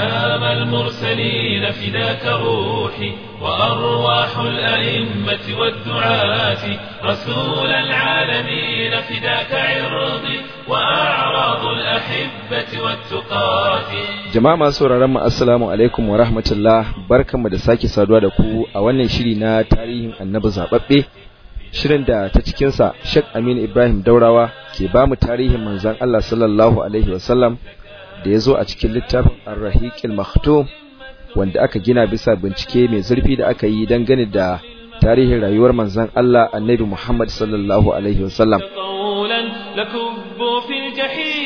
أمام المرسلين فداك روحي وأرواح الأئمة والدعاة رسول العالمين فداك عرضي وأعراض الأحبة والتقاتي جماعة سورة رمى السلام عليكم ورحمة الله بارك مدى ساكي سادوا أولا شرينا تاريخ النبزة ببي shirin da ta cikin sa Sheikh Aminu Ibrahim Daurawa ke ba mu tarihin manzon Allah da ya zo a cikin littafin arrahikil makhto wanda aka gina bisa bincike mai zurfi da aka yi dangane da tarihin rayuwar manzon Allah annabi Muhammad sallallahu alaihi wasallam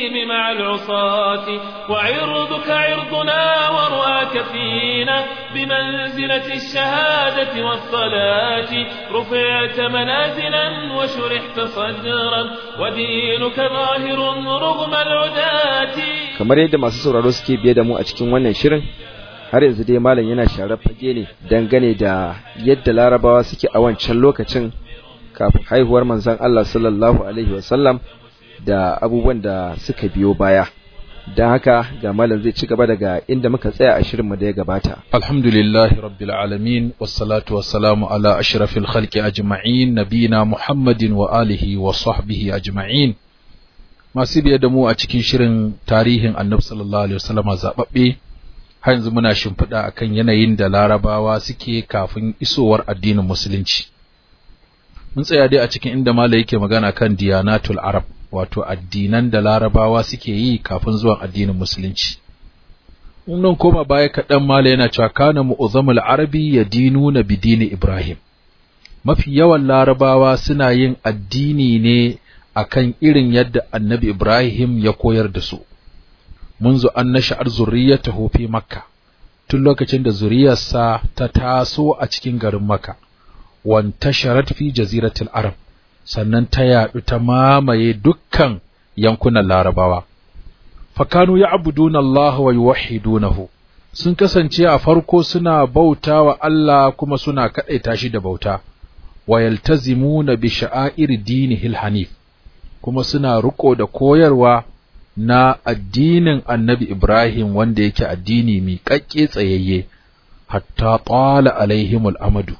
التسليم مع العصاة وعرضك عرضنا ورواك فينا بمنزلة الشهادة والصلاة رفعت منازلا وشرحت صدرا ودينك ظاهر رغم العداة kamar yadda masu sauraro suke biye da mu a cikin wannan shirin har yanzu dai malam yana sharar fage ne dangane da yadda larabawa suke a wancan lokacin kafin haihuwar manzon Allah sallallahu alaihi wasallam da abubuwan da suka biyo baya don haka ga malam zai ci gaba daga inda muka tsaya a shirinmu da ya gabata. Alhamdulillahi rabbil alamin wassalatu wassalamu ala ashrafil khalqi ajma'in nabina Muhammadin wa alihi wa sahbihi ajma'in. Masu biye da mu a cikin shirin tarihin Annabi sallallahu alaihi wasallam zababbe har yanzu muna shimfiɗa akan yanayin da Larabawa suke kafin isowar addinin Musulunci. Mun tsaya dai a cikin inda Malam yake magana kan Diyanatul Arab. wato addinan da larabawa suke yi kafin zuwan addinin musulunci nan koma baya kaɗan mala yana cewa kana mu'uzamul arabi ya dinu na bidini ibrahim mafi yawan larabawa suna yin addini ne akan irin yadda annabi ibrahim ya koyar da su منذ أن نشأت ta في Makka tun lokacin da zuriyarsa ta taso a cikin garin Makka wantasharat fi jaziratul Arab sannan ta yaɗu ta mamaye dukkan yankunan larabawa fakanu ya abuduna Allah wa dunahu. sun kasance a farko suna bauta wa Allah kuma suna kaɗaita shi da bauta wa na bi sha'air dini hilhanif. kuma suna ruko da koyarwa na addinin annabi Ibrahim wanda yake addini mai ƙaƙƙe tsayayye hatta tsala alaihimul amadu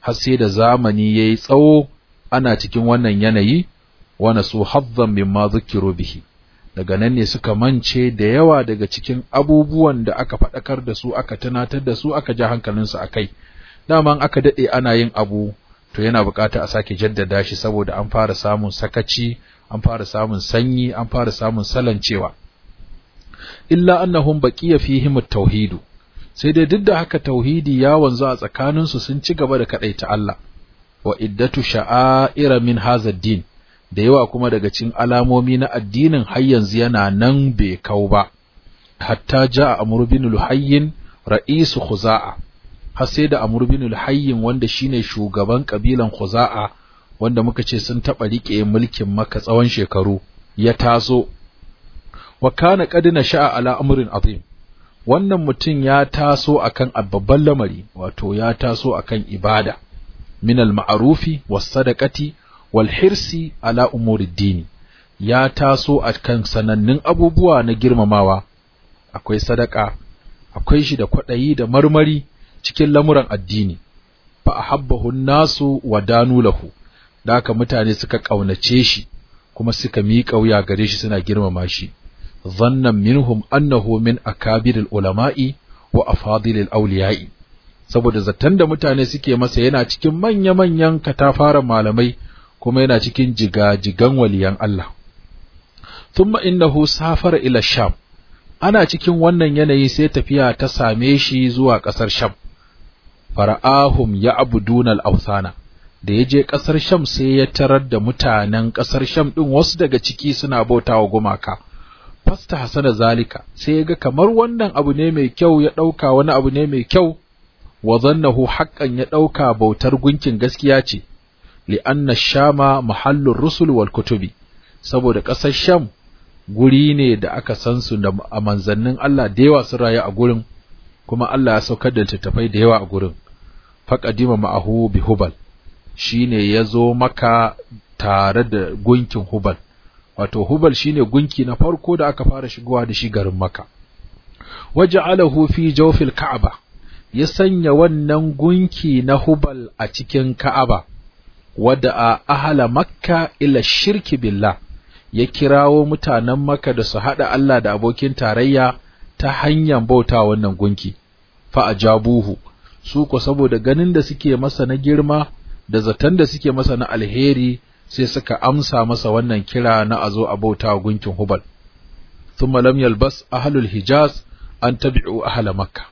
har sai da zamani ya yi tsawo ana cikin wannan yanayi wa su hazzan mimma zukiru bihi daga nan ne suka mance da yawa daga cikin abubuwan da aka faɗakar da su aka tunatar da su aka ja su a kai daman aka daɗe ana yin abu to yana bukata a sake jaddada shi saboda an fara samun sakaci an fara samun sanyi an fara samun salancewa illa annahum baqiya fihi mutawhidu sai dai duk da haka tauhidi ya wanzu a tsakaninsu sun ci gaba da kadaita Allah wa iddatu sha'aira min hazad din da yawa kuma daga cikin alamomi na addinin har yanzu yana nan bai kau ba hatta ja'a amru bin luhayyin ra'isu khuza'a har sai da amru bin luhayyin wanda shine shugaban kabilan khuza'a wanda muka ce sun taba rike mulkin maka tsawon shekaru ya taso wa kana qad sha'a ala amrin azim wannan mutum ya taso akan babban lamari wato ya taso akan ibada Minal ma'arufi marufi was-sadaqati wal-hirsi ala umuri dini ya taso a kan sanannin abubuwa na girmamawa akwai sadaka akwai shi da kwaɗayi da marmari cikin lamuran addini fa ahabbahu nasu wa danu lahu daka mutane suka ƙaunace shi kuma suka miƙa wuya gare shi suna girmama shi zannan minhum annahu min akabiril ulama'i wa afadilil awliya'i saboda zaton da mutane suke masa yana cikin manya-manyan katafaren malamai kuma yana cikin jiga-jigan waliyan Allah. Thumma innahu safara ila Sham. Ana cikin wannan yanayi sai tafiya ta same shi zuwa ƙasar Sham. Fara'ahum ya abudunal ausana. Da ya je ƙasar Sham sai ya tarar da mutanen ƙasar Sham ɗin wasu daga ciki suna bautawa gumaka. fasta hasana zalika sai ya ga kamar wannan abu ne mai kyau ya ɗauka wani abu ne mai kyau wa zannahu ya ɗauka bautar gunkin gaskiya ce, li'anna shama muhallin rusul wal kutubi, saboda ƙasar Sham guri ne da aka san su da a manzannin Allah da yawa sun rayu a gurin, kuma Allah ya saukar da littattafai da yawa a gurin. Faƙadima ma'ahu bi Hubal, shi ne ya zo maka tare da gunkin Hubal, wato Hubal shi ne gunki na farko da aka fara shigowa da shi garin maka. Waje alahu fi Ka'aba, ya sanya wannan gunki na hubal a cikin ka'aba wadda a ahala makka ila shirki billah ya kirawo mutanen makka da su haɗa Allah da abokin tarayya ta hanyar bauta wannan gunki fa ajabuhu su ko saboda ganin da suke masa na girma da zaton da suke masa na alheri sai suka amsa masa wannan kira na azo a bauta gunkin hubal thumma lam yalbas ahlul hijaz an tabi'u ahla makka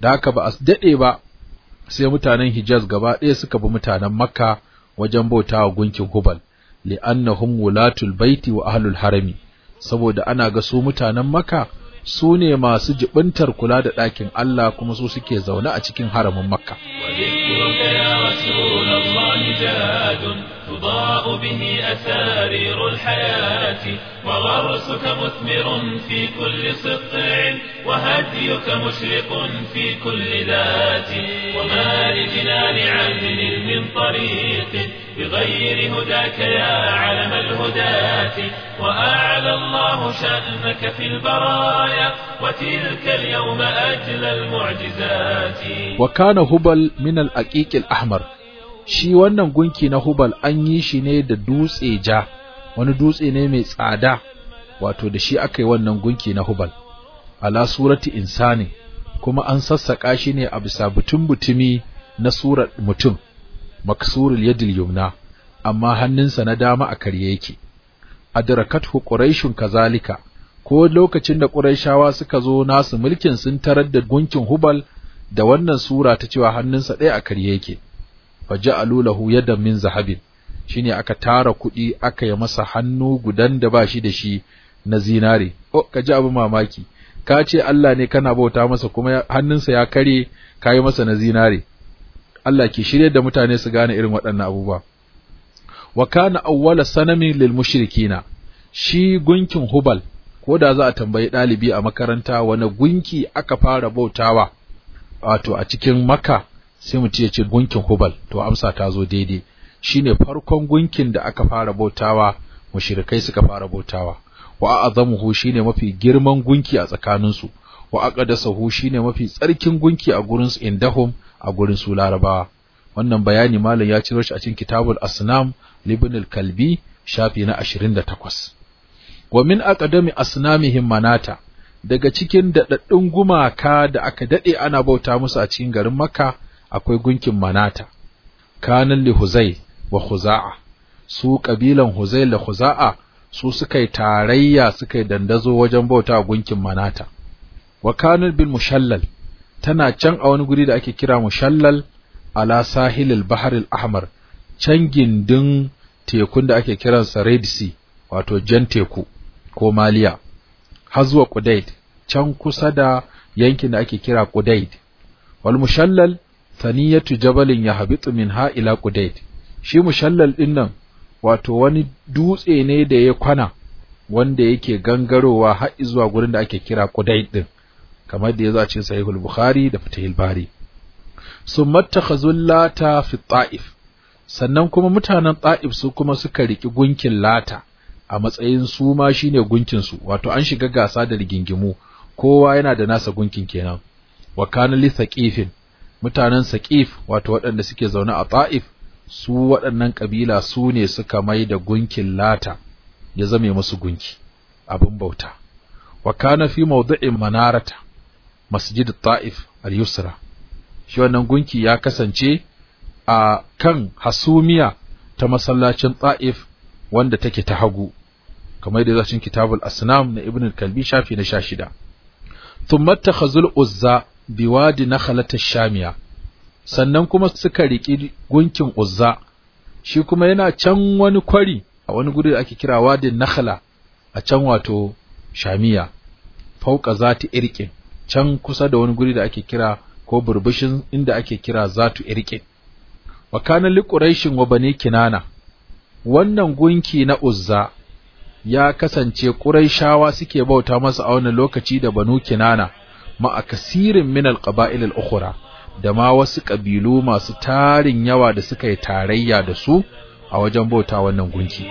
da haka ba a daɗe ba sai mutanen Hijaz gaba ɗaya suka bi mutanen Makka wajen bauta wa gunkin Hubal li'annahum wulatul baiti wa ahlul harami saboda ana ga su mutanen Makka su ne masu jibintar kula da ɗakin Allah kuma su suke zaune a cikin haramin Makka. تضاء به أسارير الحياة وغرسك مثمر في كل صقع وهديك مشرق في كل ذات وما لجنان عدن من طريق بغير هداك يا علم الهداة وأعلى الله شأنك في البرايا وتلك اليوم أجل المعجزات وكان هبل من الأكيك الأحمر shi wannan gunki na hubal an yi shi ne da dutse ja wani dutse ne mai tsada wato da shi aka yi wannan gunki na hubal ala surati insani kuma an sassaƙa shi ne a bisa butun butumi na surar mutum maksurul yadil yumna amma hannunsa na dama a karye yake adrakathu quraishun kazalika ko lokacin da quraishawa suka zo nasu mulkin sun tarar da gunkin hubal da wannan sura ta cewa hannunsa ɗaya a karye yake faja'alu lahu yadan min zahabin shine aka tara kuɗi aka yi masa hannu gudan da bashi da shi na zinare oh ka ji abu mamaki ka ce Allah ne kana bauta masa kuma hannunsa ya kare ka yi masa na zinare Allah ke shirye da mutane su gane irin waɗannan abubuwa wa kana awwala sanami lil mushrikina shi gunkin hubal ko da za a tambayi ɗalibi a makaranta wani gunki aka fara bautawa wato a cikin maka sai mutum ya ce gunkin hubal to amsa ta zo daidai shine farkon gunkin da aka fara bautawa mushrikai suka fara bautawa wa azamuhu shine mafi girman gunki a tsakaninsu wa aqdasuhu shine mafi tsarkin gunki a gurin su indahum a gurin su larabawa wannan bayani malam ya ciro shi a cikin kitabul asnam libn al-kalbi shafi na 28 wa min aqdami asnamihim manata daga cikin dadaddun gumaka da aka dade ana bauta musu a cikin garin makka akwai gunkin manata kanan li huzai wa khuza'a su kabilan huzai da khuza'a su suka yi tarayya suka yi dandazo wajen bauta gunkin manata wa bin bil mushallal tana can a wani guri da ake kira mushallal ala sahilil baharil ahmar can gindin tekun da ake kiran Red Sea wato jan teku ko Maliya har zuwa Qudayd can kusa da yankin da ake kira Qudayd wal mushallal taniyatu jabalin ya habitu min ha ila qudait shi mushallal din nan wato wani dutse ne da ya kwana wanda yake gangarowa har zuwa gurin da ake kira kudait din kamar da ya zace sahihul bukhari da fatihul bari summa lata fi ta'if sannan kuma mutanen ta'if su kuma suka riki gunkin lata a matsayin su ma shine gunkin su wato an shiga gasa da rigingimu kowa yana da nasa gunkin kenan wa kana li thaqifin mutanen Saqif wato waɗanda suke zaune a Ta'if su waɗannan kabila su ne suka mai da gunkin Lata ya zame musu gunki abin bauta wa kana fi mawdi'in manarata masjid Ta'if al-Yusra shi wannan gunki ya kasance a kan hasumiya ta masallacin Ta'if wanda take ta hagu kamar da zacin kitabul asnam na ibn al-kalbi shafi na 16 thumma takhazul uzza biwadi na halatar shamiya sannan kuma suka riƙi gunkin uzza shi kuma yana can wani kwari a wani guri ake kira wadin nakhla a can wato shamiya fauka zatu irqin can kusa da wani guri da ake kira ko burbushin inda ake kira zatu irqin wa kana liquraishin wa bani kinana wannan gunki na uzza ya kasance quraishawa suke bauta masa a wannan lokaci da banu kinana ma'a kasirin min alqaba'il al da ma wasu kabilu masu tarin yawa da suka yi tarayya da su a wajen bauta wannan gunki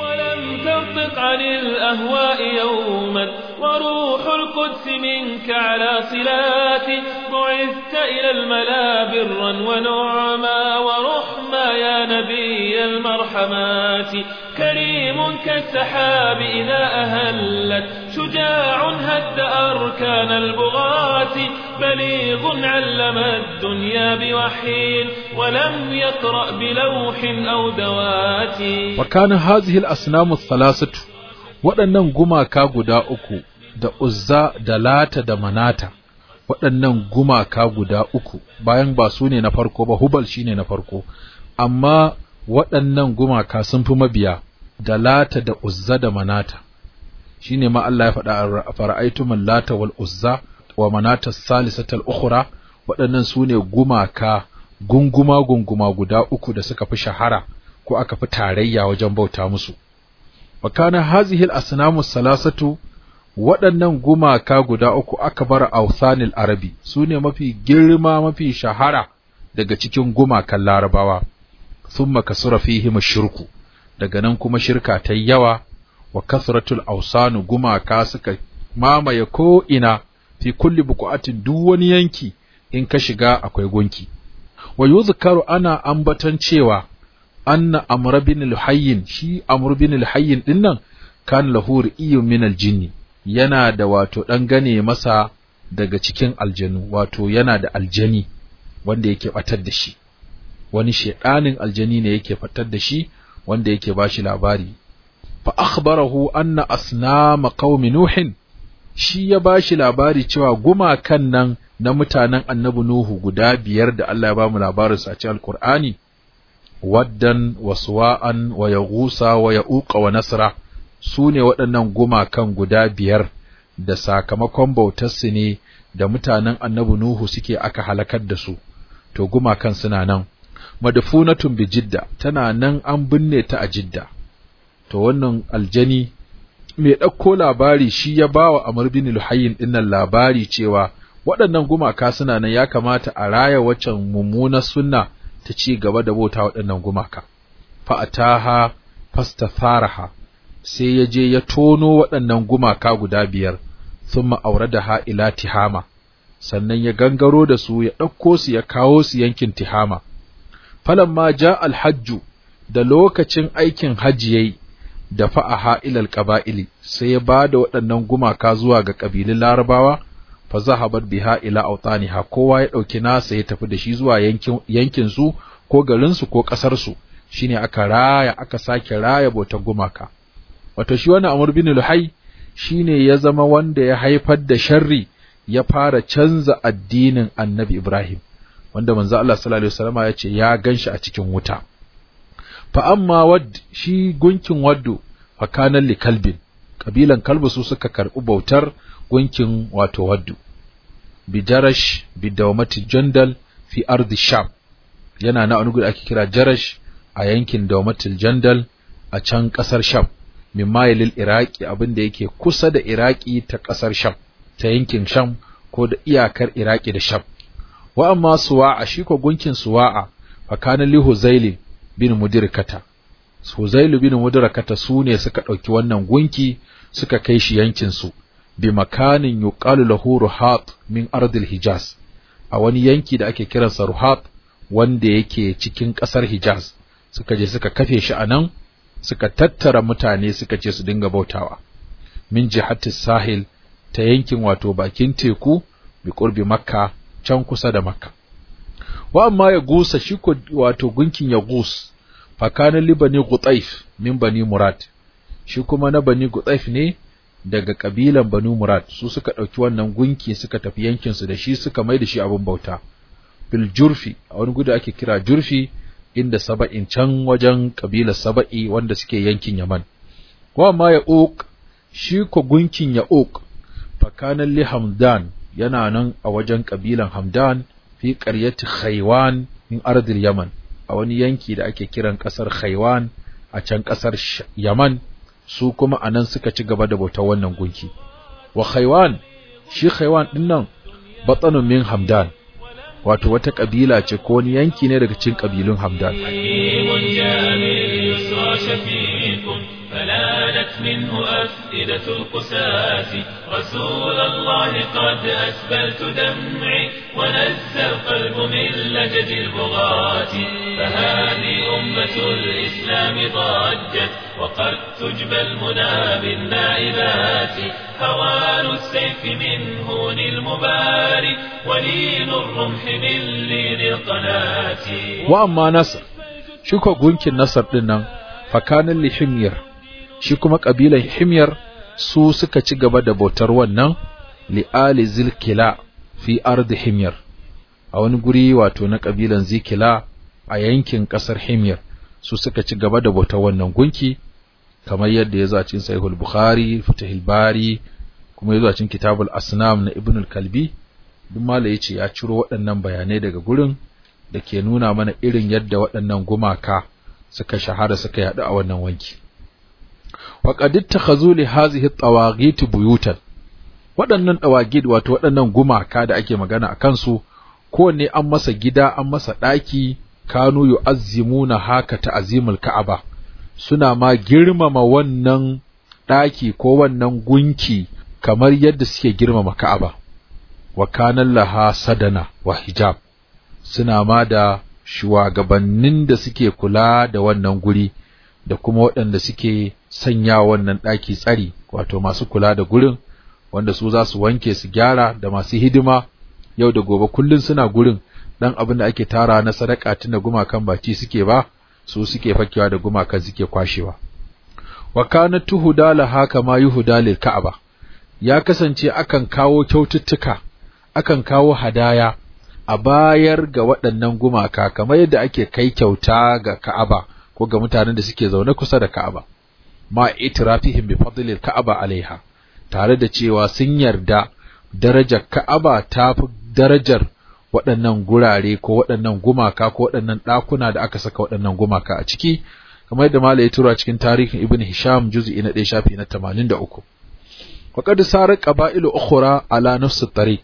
ينطق عن الأهواء يوما وروح القدس منك على صلاتي بعثت إلى الملا برا ونعما ورحما يا نبي المرحمات كريم كالسحاب إذا أهلت شجاع هد أركان البغاة بليغ علم الدنيا بوحي ولم يقرأ بلوح أو دوات وكان هذه الأصنام الثلاث manasatu waɗannan gumaka guda uku da uzza da lata da manata waɗannan gumaka guda uku bayan ba su ne na farko ba hubal shi ne na farko amma waɗannan gumaka sun fi mabiya da lata da uzza da manata shi ne ma Allah ya faɗa a fara'aitumin lata wal uzza wa manata salisatal ukhra waɗannan su ne gumaka gunguma gunguma guda uku da suka fi shahara ko aka fi tarayya wajen bauta musu makana hazihil asnamu salasatu waɗannan gumaka guda uku aka bar ausanil arabi su ne mafi girma mafi shahara daga cikin gumakan larabawa sun makasura fihim shirku daga nan kuma shirka ta yawa wa kasratul ausanu gumaka suka mamaye ko ina fi kulli buƙatin duk wani yanki in ka shiga akwai gunki wa yuzkaru ana ambatan cewa anna amr luhayyin shi amr luhayyin din nan kan lahuri iyo min yana da wato ɗan gane masa daga cikin aljanu wato yana da aljani wanda yake ɓatar da shi wani shedanin aljani ne yake fatar da shi wanda yake bashi labari fa akhbarahu anna asnama qaumi nuhin shi ya bashi labari cewa gumakan nan na mutanen annabi nuhu guda biyar da Allah ya bamu labarin sa a cikin alqur'ani waddan wa suwa'an wa yagusa wa ya'uqa wa nasra su ne waɗannan gumakan guda biyar da sakamakon bautarsu ne da mutanen annabi Nuhu suke aka halakar da su to gumakan suna nan madfunatun bi jidda tana nan an binne ta a jidda to wannan aljani mai ɗauko labari shi ya bawa Amr bin Luhayyin dinnan labari cewa waɗannan gumaka suna nan ya kamata a raya waccan mummunar sunna ta ci gaba da bauta waɗannan gumaka fa'ataha fastatharaha sai ya je ya tono waɗannan gumaka guda biyar sun thumma da ila tihama sannan ya gangaro da su ya ɗauko su ya kawo su yankin tihama ma ja alhajju da lokacin aikin hajji yayi da fa'aha ilal qaba'ili sai ya ba da waɗannan gumaka zuwa ga ƙabilun larabawa fa biha ila awtaniha kowa ya dauki nasa ya tafi da shi zuwa yankin su ko garin su ko kasar su shine aka raya aka sake raya botan gumaka wato shi wannan Amr bin Luhai shine ya zama wanda ya haifar da sharri ya fara canza addinin Annabi Ibrahim wanda manzo Allah sallallahu alaihi wasallama ya ce ya ganshi a cikin wuta fa amma wad shi gunkin waddu fa kana li kalbin kabilan kalbu su suka karbi bautar gunkin wato waddu bi jarash bi dawmati jandal fi ardi sham yana na wani ake kira jarash a yankin Daumatil jandal a can kasar sham min mayilil iraki abinda yake kusa da iraki ta kasar sham ta yankin sham ko da iyakar iraki da sham wa amma suwa'a shi ko gunkin suwa'a fa li huzaili bin mudirkata huzailu bin mudirkata su ne suka ɗauki wannan gunki suka kai shi yankin su bi makanin yuqalu lahu ruhat min ardil hijaz a wani yanki da ake kiransa ruhat wanda yake cikin ƙasar hijaz suka je suka kafe shi a nan suka tattara mutane suka ce su dinga bautawa min jihatis sahil ta yankin wato bakin teku bi qurbi makka can kusa da makka wa amma ya gusa shi ko wato gunkin ya gus fakanin libani gutaif min bani murad shi kuma na bani gutaif ne daga kabilan Banu Murad su suka ɗauki wannan gunki suka tafi yankin su da shi suka mai da shi abin bauta bil jurfi a wani gudu ake kira jurfi inda saba'in can wajen kabilar saba'i wanda suke yankin Yaman wa ma ya uk shi ko gunkin ya uk fakanan li Hamdan yana nan a wajen kabilan Hamdan fi qaryati Khaywan min ardil Yaman a wani yanki da ake kiran kasar Khaywan a can kasar Yaman su kuma anan suka ci gaba da bautar wannan gunki wa khaiwan shi khaiwan din nan batsanun min hamdan wato wata kabila ce ko ni yanki ne daga cikin kabilun hamdan فلانت منه أفئدة القساس رسول الله قد أسبلت دمعي ولذ القلب من لجد البغاة فهذه أمة الإسلام ضجت وقد تجبى المنى بالنائبات هوان السيف من هون المباري ولين الرمح من لين القناة وأما نصر شكو gunkin nasar dinnan فكان اللي حمير kuma kabilan himyar su suka ci gaba da bautar wannan li'ali zilkila fi ardi himyar a wani guri wato na kabilan zikila a yankin ƙasar himyar su suka ci gaba da bautar wannan gunki kamar yadda ya zuwa sahihul bukhari fitahil bari kuma ya zuwa kitabul asnam na ibnul kalbi duk mala yace ya ciro waɗannan bayanai daga gurin da ke nuna mana irin yadda waɗannan gumaka suka shahara suka yaɗu a wannan wanki wa qad ittakhadhu li hadhihi at-tawaghit buyutan waɗannan ɗawagid wato waɗannan gumaka da ake magana a kansu ko ne an masa gida an masa ɗaki kanu na haka ta azimul ka'aba suna ma girmama wannan ɗaki ko wannan gunki kamar yadda suke girmama ka'aba wa kanan laha sadana wa hijab suna ma da shugabannin da suke kula da wannan guri da kuma waɗanda suke sanya wannan ɗaki tsari wato masu kula da gurin wanda su za su wanke su gyara da masu hidima yau da gobe kullun suna gurin dan abin da ake tara na sadaka tunda gumakan baci suke ba su suke fakewa da gumakan suke kwashewa wa kana tuhudala haka ma yuhudalil ka'aba ya kasance akan kawo kyaututtuka akan kawo hadaya a bayar ga waɗannan gumaka kamar yadda ake kai kyauta ga Ka'aba ko ga mutanen da suke zaune kusa da Ka'aba ma itrafihim bi fadlil Ka'aba alaiha tare da cewa sun yarda darajar Ka'aba ta fi darajar waɗannan gurare ko waɗannan gumaka ko waɗannan ɗakuna da aka saka waɗannan gumaka a ciki kamar yadda Malam ya tura cikin tarihin Ibn Hisham juz'i na ɗaya shafi na tamanin da uku waƙadu sarar ƙaba'ilu ukhra ala nafs tariq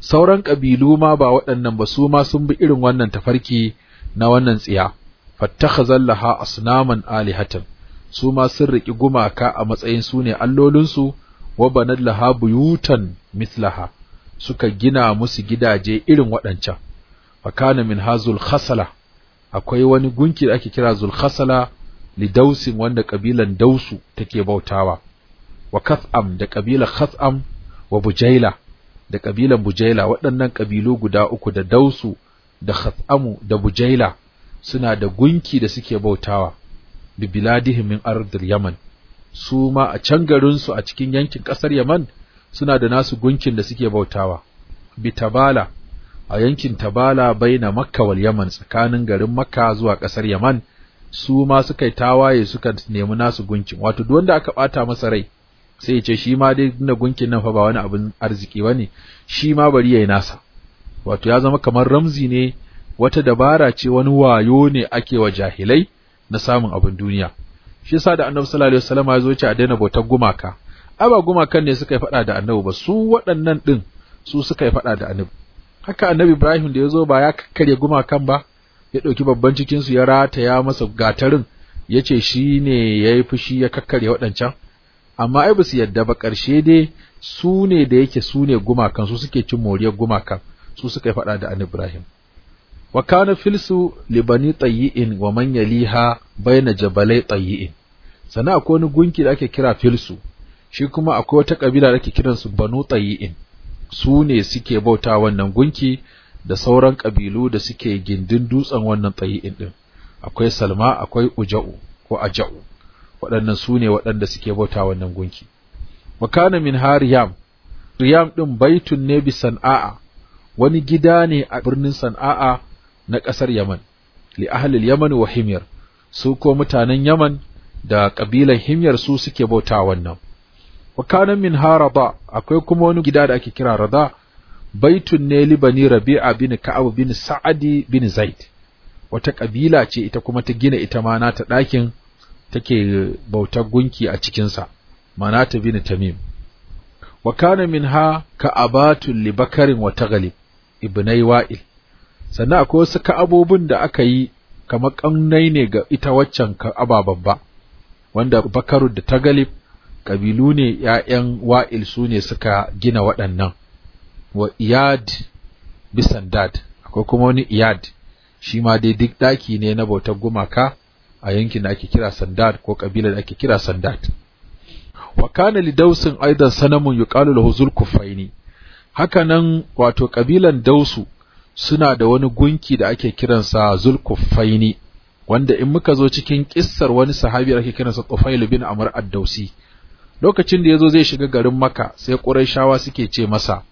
sauran ƙabilu ma ba waɗannan ba su ma sun bi irin wannan tafarki na wannan tsiya fattakhazal laha asnaman alihatan su ma sun riƙi gumaka a matsayin su ne allolinsu wa laha buyutan mislaha suka gina musu gidaje irin waɗancan fa kana min hazul khasala akwai wani gunki da ake kira zul khasala li dausin wanda kabilan dausu take bautawa wa kasam da ƙabila kas'am wa bujaila da kabilan bujaila waɗannan kabilu guda uku da dausu da khas'amu da bujaila suna da gunki da suke bautawa bi biladihim min ardil yaman su ma a can garinsu a cikin yankin ƙasar Yaman suna da nasu gunkin da suke bautawa, bitabala a yankin tabala baina Makka wal Yaman tsakanin garin Makka zuwa ƙasar Yaman su ma suka yi tawaye suka nemi nasu gunkin, wato duk wanda aka ɓata masa rai sai ya ce shi ma dai na gunkin nan fa ba wani abin arziki ba ne, shi ma bari ya yi nasa. Wato ya zama kamar ramzi ne wata dabara ce wani wayo ne ake wa jahilai na samun abin duniya. shi yasa da annabi sallallahu alaihi wasallam ya zo ya ce a daina bautar gumaka ai ba gumakan ne suka yi faɗa da annabi ba su waɗannan ɗin su suka yi faɗa da annabi haka annabi Ibrahim da ya zo ba ya kakkare gumakan ba ya ɗauki babban cikin su ya rataya masa gatarin yace shine yayi fushi ya kakkare waɗancan amma ai ba su yadda ba ƙarshe dai su ne da yake su ne gumakan su suke cin moriyar gumakan su suka yi faɗa da annabi Ibrahim wa kana filsu libani tayyi'in wa man yaliha baina jabalai tayyi'in sannan akwai wani gunki da ake kira filsu shi kuma akwai wata kabila da ake kiran su banu tayyi'in su ne suke bauta wannan gunki da sauran kabilu da suke gindin dutsen wannan tayyi'in din akwai salma akwai uja'u ko aja'u waɗannan su ne waɗanda suke bauta wannan gunki wa kana min hariyam riyam din baitun ne bi san'a wani gida ne a birnin sana'a? na ƙasar Yaman li ahlil Yaman wa Himyar su ko mutanen Yaman da ƙabilan Himyar su suke bauta wannan wa kana min akwai kuma wani gida da ake kira rada baitun ne libani rabi'a bin ka'ab bin sa'adi bin zaid wata ƙabila ce ita kuma ta gina ita ma nata ɗakin take bauta gunki a cikinsa manata bin tamim wa kana minha ka'abatun li bakarin wa taghlib ibnai wa'il sannan akwai wasu ka'abobin da aka yi kamar ƙannai ne ga ita waccan ka'aba babba wanda bakaru da tagalib ƙabilu ne ‘ya'yan wa'il su ne suka gina waɗannan wa iyad bisan dad akwai kuma wani iyad shi ma dai duk ɗaki ne na bautar gumaka a yankin da ake kira sandad ko kabilar da ake kira sandad wa kana li dausin aidan sanamun yuqalu lahu zulkufaini haka nan wato kabilan dausu suna da wani gunki da ake kiransa zulkufaini wanda in muka zo cikin kissar wani sahabi da ake kiransa Tufail bin Amr ad-Dausi lokacin da yazo zai shiga garin Makka sai Qurayshawa suke ce masa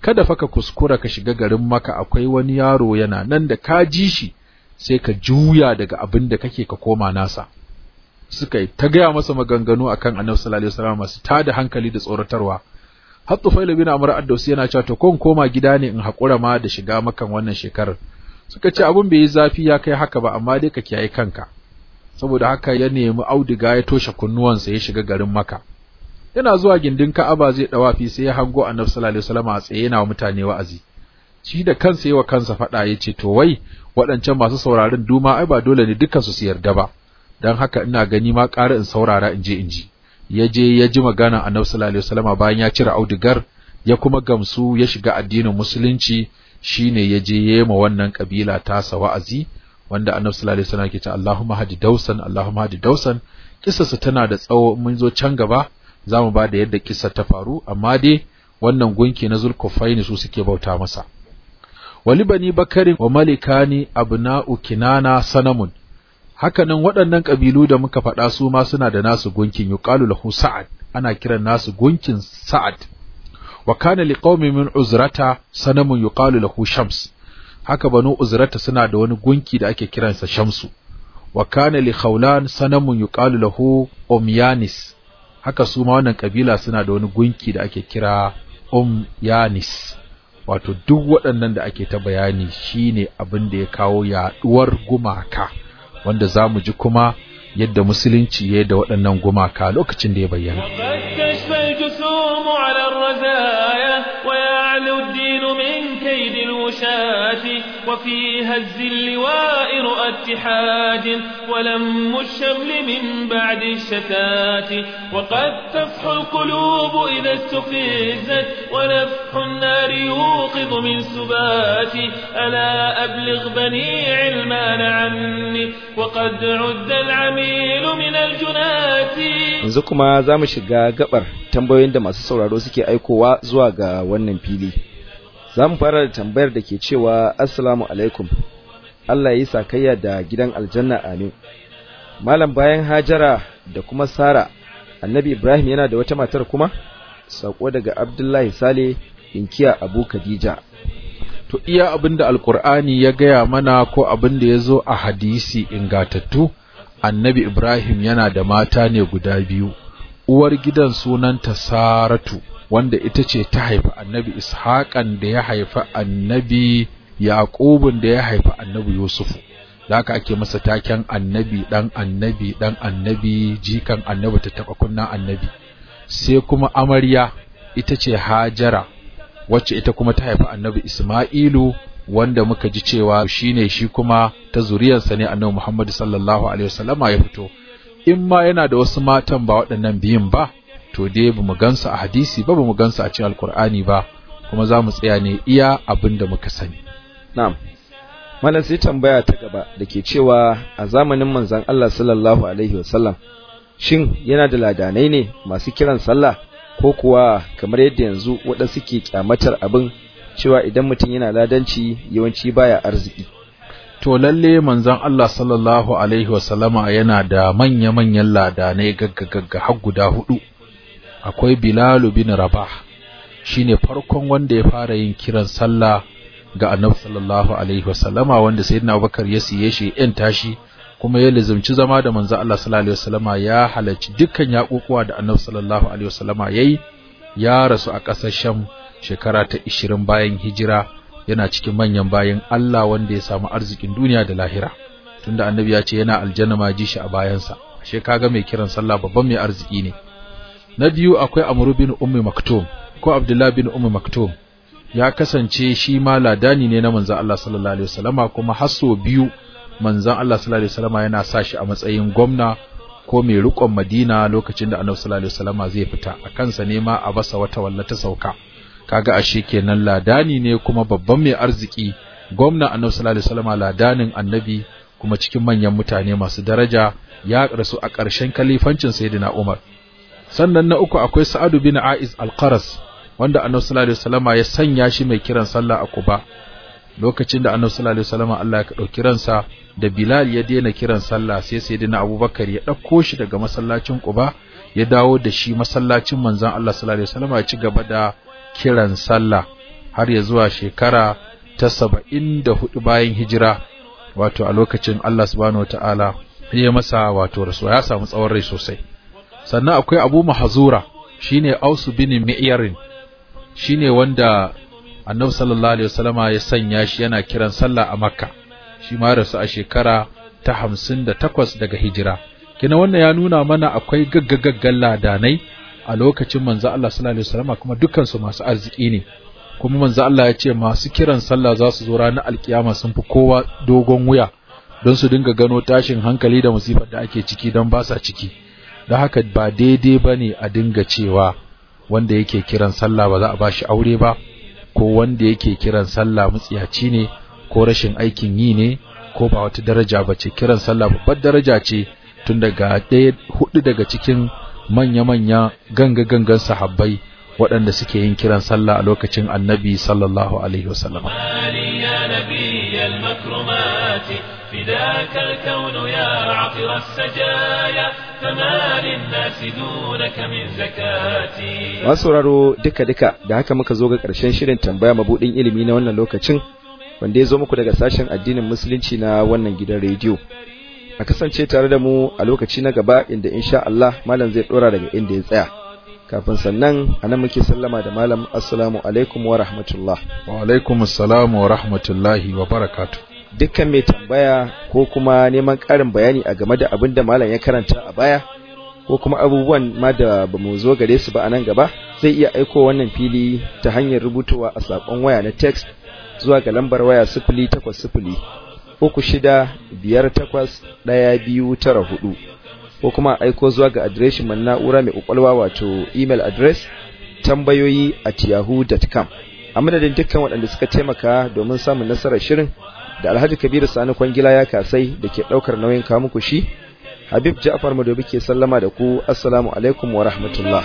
kada fa ka kuskura ka shiga garin Makka akwai wani yaro yana nan da ka ji shi sai ka juya daga abin da kake ka koma nasa suka yi ta gaya masa maganganu akan Annabi sallallahu alaihi wasallam masu tada hankali da tsoratarwa har Tufail bin Amr ad-Dawsi yana cewa to kon koma gida ne in hakura ma da shiga makan wannan shekarar suka ce abun bai yi zafi ya kai haka ba amma dai ka kiyaye kanka saboda haka ya nemi auduga ya toshe kunnuwan sa ya shiga garin maka. yana zuwa gindin Ka'aba zai dawafi sai ya hango Annabi sallallahu alaihi wasallam a tsaye yana wa mutane wa'azi shi da kansa wa kansa fada ce to wai waɗancan masu sauraron duma ai ba dole ne dukkan su su yarda ba Don haka ina gani ma ƙara in saurara in je in ji ya je ya ji magana a sallallahu alaihi wasallama bayan ya cire audigar ya kuma gamsu ya shiga addinin musulunci shine ya je yema wannan kabila tasa wa'azi wanda annabi sallallahu alaihi wasallam ke ce Allahumma hadi dausan Allahumma hadi dausan su tana da tsawo mun zo can gaba zamu ba da yadda kissa ta faru amma dai wannan gunki na Zulkufaini su suke bauta masa wali bani bakarin wa malikani abna'u kinana sanamun hakanan waɗannan ƙabilu da muka faɗa su ma suna da nasu gunkin yuqalu lahu sa'ad ana kiran nasu gunkin sa'ad wa kana liqaumi min uzrata sanamun yuqalu lahu shams haka banu uzrata suna da wani gunki da ake kiransa shamsu wa kana li khawlan sanamun yuqalu lahu umyanis haka su ma wannan kabila suna da wani gunki da ake kira umyanis wato duk waɗannan da ake ta bayani shine abin da ya kawo yaɗuwar gumaka wanda za mu ji kuma yadda musulunci ya da waɗannan gumaka lokacin da ya bayyana ويعلو الدين من وفي هز اللواء رؤى اتحاد ولم الشمل من بعد الشتات وقد تفح القلوب إذا استفزت ونفح النار يوقظ من سباتي ألا أبلغ بني علمان عني وقد عد العميل من الجنات yanzu kuma za mu shiga gabar tambayoyin أيكو masu sauraro suke za mu fara da tambayar da ke cewa 'Asalamu alaikum Allah ya yi sakayya da gidan aljanna amin malam bayan hajara da kuma sara annabi ibrahim yana da wata matar kuma sako daga abdullahi sale inkiya abu khadija to iya abinda alkur'ani ya gaya mana ko abinda ya zo a hadisi ingatattu annabi ibrahim yana da mata ne guda biyu uwar gidan sunanta saratu wanda ita ce ta haifi annabi ishaqan da ya haifi annabi yaqubun da ya haifi annabi yusufu da ake masa taken annabi dan annabi dan annabi jikan annabi ta taba kunnan annabi sai kuma amarya ita ce hajara wacce ita kuma ta haifi annabi isma'ilu wanda muka ji cewa shine shi kuma ta zuriyarsa ne annabi muhammad sallallahu alaihi wasallama ya fito in ma yana da wasu matan ba waɗannan biyun ba to dai ba mu gansu a hadisi ba ba mu gansu a cikin alkur'ani ba kuma za mu tsaya ne iya abin da muka sani na'am malam sai tambaya ta gaba da ke cewa a zamanin manzon Allah sallallahu alaihi wasallam shin yana da ladanai ne masu kiran sallah ko kuwa kamar yadda yanzu waɗansu ke kyamatar abin cewa idan mutum yana ladanci yawanci baya arziki to lalle manzon Allah sallallahu alaihi wasallama yana da manya-manyan ladanai gaggagagga har guda hudu akwai Bilal bin Rabah shine farkon wanda ya fara yin kiran sallah ga Annabi sallallahu alaihi wasallama wanda Sayyidina Abubakar ya siye shi yan tashi kuma ya lizumci zama da manzon Allah sallallahu alaihi wasallama ya halarci dukkan yaƙuƙuwa da Annabi sallallahu alaihi wasallama yayi ya rasu a ƙasashen shekara ta 20 bayan hijira yana cikin manyan bayan Allah wanda ya samu arzikin duniya da lahira tunda annabi ya ce yana aljanna ma ji shi a bayansa ashe kaga mai kiran sallah babban mai arziki ne na biyu akwai Amr bin Ummi Maktum ko Abdullah bin Ummi Maktum ya kasance shi ma ladani ne na manzon Allah sallallahu alaihi wasallama kuma hasso biyu manzon Allah sallallahu alaihi wasallama yana sa shi a matsayin gwamna ko mai rikon Madina lokacin da Annabi sallallahu alaihi wasallama zai fita a kansa ne ma a basa wata wallata sauka kaga ashe kenan ladani ne kuma babban mai arziki gwamna annabi sallallahu alaihi wasallam ladanin annabi kuma cikin manyan mutane masu daraja ya rasu a ƙarshen kalifancin sayyidina Umar sannan na uku akwai Sa'adu bin A'iz al-Qaras wanda annabi sallallahu alaihi wasallam ya sanya shi mai kiran sallah a Quba lokacin da annabi sallallahu alaihi wasallam Allah ya dauki ransa da Bilal ya daina kiran sallah sai sayyidina Abubakar ya dauko shi daga masallacin Quba ya dawo da shi masallacin manzon Allah sallallahu alaihi wasallam ya ci gaba da kiran sallah har ya zuwa shekara ta saba'in da hudu bayan hijira wato a lokacin Allah subhanahu wa ta'ala ya masa wato rasuwa ya samu tsawon rai sosai sannan akwai abu mahazura shine ausu bin mi'yarin shine wanda annabi sallallahu alaihi wasallama ya sanya shi yana kiran sallah a makka shi ma rasu a shekara ta hamsin da takwas daga hijira kina wannan ya nuna mana akwai gaggagaggan ladanai a lokacin manzo Allah sallallahu alaihi wasallam kuma dukkan su masu arziki ne kuma manzo Allah ya ce masu kiran sallah za su zo ranar alkiyama sun fi kowa dogon wuya don su dinga gano tashin hankali da musibar da ake ciki don ba sa ciki da haka ba daidai ba ne a dinga cewa wanda yake kiran sallah ba za a ba shi aure ba ko wanda yake kiran sallah mutsiyaci ne ko rashin aikin yi ne ko ba wata daraja ba ce kiran sallah babbar daraja ce tun daga hudu daga cikin manya-manya ganga-gangan sahabbai waɗanda suke yin kiran sallah a lokacin annabi sallallahu alaihi wasallam فداك الكون يا عطر السجايا فما da haka muka zo ga ƙarshen shirin tambaya mabudin ilimi na wannan lokacin wanda ya zo muku daga sashen addinin musulunci na wannan gidan rediyo a kasance tare da mu a lokaci na gaba inda insha Allah malam zai dora daga inda ya tsaya kafin sannan a nan muke sallama da malam assalamu alaikum wa rahmatullah wa alaikum assalam wa rahmatullahi wa barakatu. dukkan mai tambaya ko kuma neman ƙarin bayani a game da abin da malam ya karanta a baya ko kuma abubuwan ma da ba mu zo gare su ba a nan gaba zai iya aiko wannan fili ta hanyar rubutuwa a saƙon waya na text zuwa ga lambar waya sifili takwas sifili uku shida biyar takwas ɗaya biyu tara hudu ko kuma aiko zuwa ga adireshin man na'ura mai kwakwalwa wato email address tambayoyi at yahoo.com a madadin dukkan waɗanda suka taimaka domin samun nasarar shirin da alhaji kabiru sani kwangila ya kasai da ke ɗaukar nauyin kamu shi habib ja'far madobi ke sallama da ku assalamu alaikum wa rahmatullah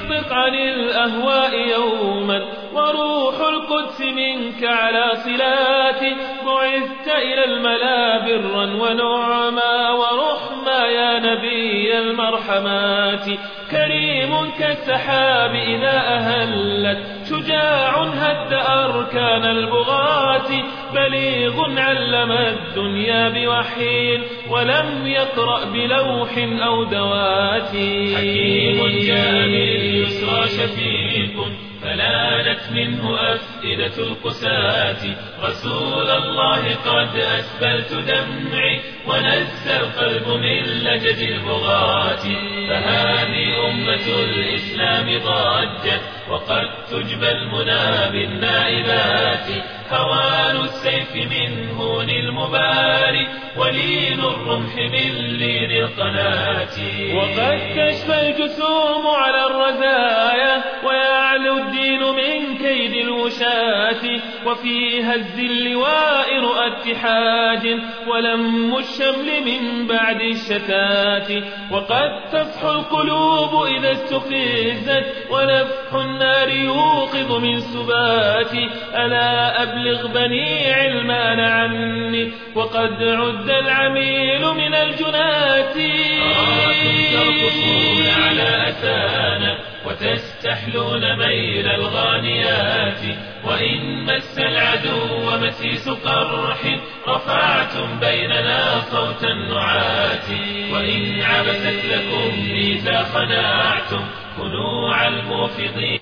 القدس منك على صلاتي بعثت إلى الملا برا ونعما ورحما يا نبي المرحمات كريم كالسحاب إذا أهلت شجاع هد أركان البغاة بليغ علم الدنيا بوحي ولم يقرأ بلوح أو دوات حكيم جامل يسرى شفيق فلانت منه أفئدة القساة رسول الله قد أسبلت دمعي ونزل القلب من لجج البغاة فهذه أمة الإسلام ضاجت وقد تجبى المنى بالنائبات هوان السيف من هون المباري ولين الرمح من لين القناة وقد تشفى الجسوم على الرزايا كيد الوشاة وفي هز اللواء رؤى اتحاد ولم الشمل من بعد الشتات وقد تفح القلوب إذا استفزت ونفح النار يوقظ من سباتي ألا أبلغ بني علمان عني وقد عد العميل من الجنات ترقصون على أسانا وتستحلون ميل الغانيات وإن مس العدو ومسيس قرح رفعتم بيننا صوت النعات وإن عبثت لكم ميزا خنعتم خنوع الموفضين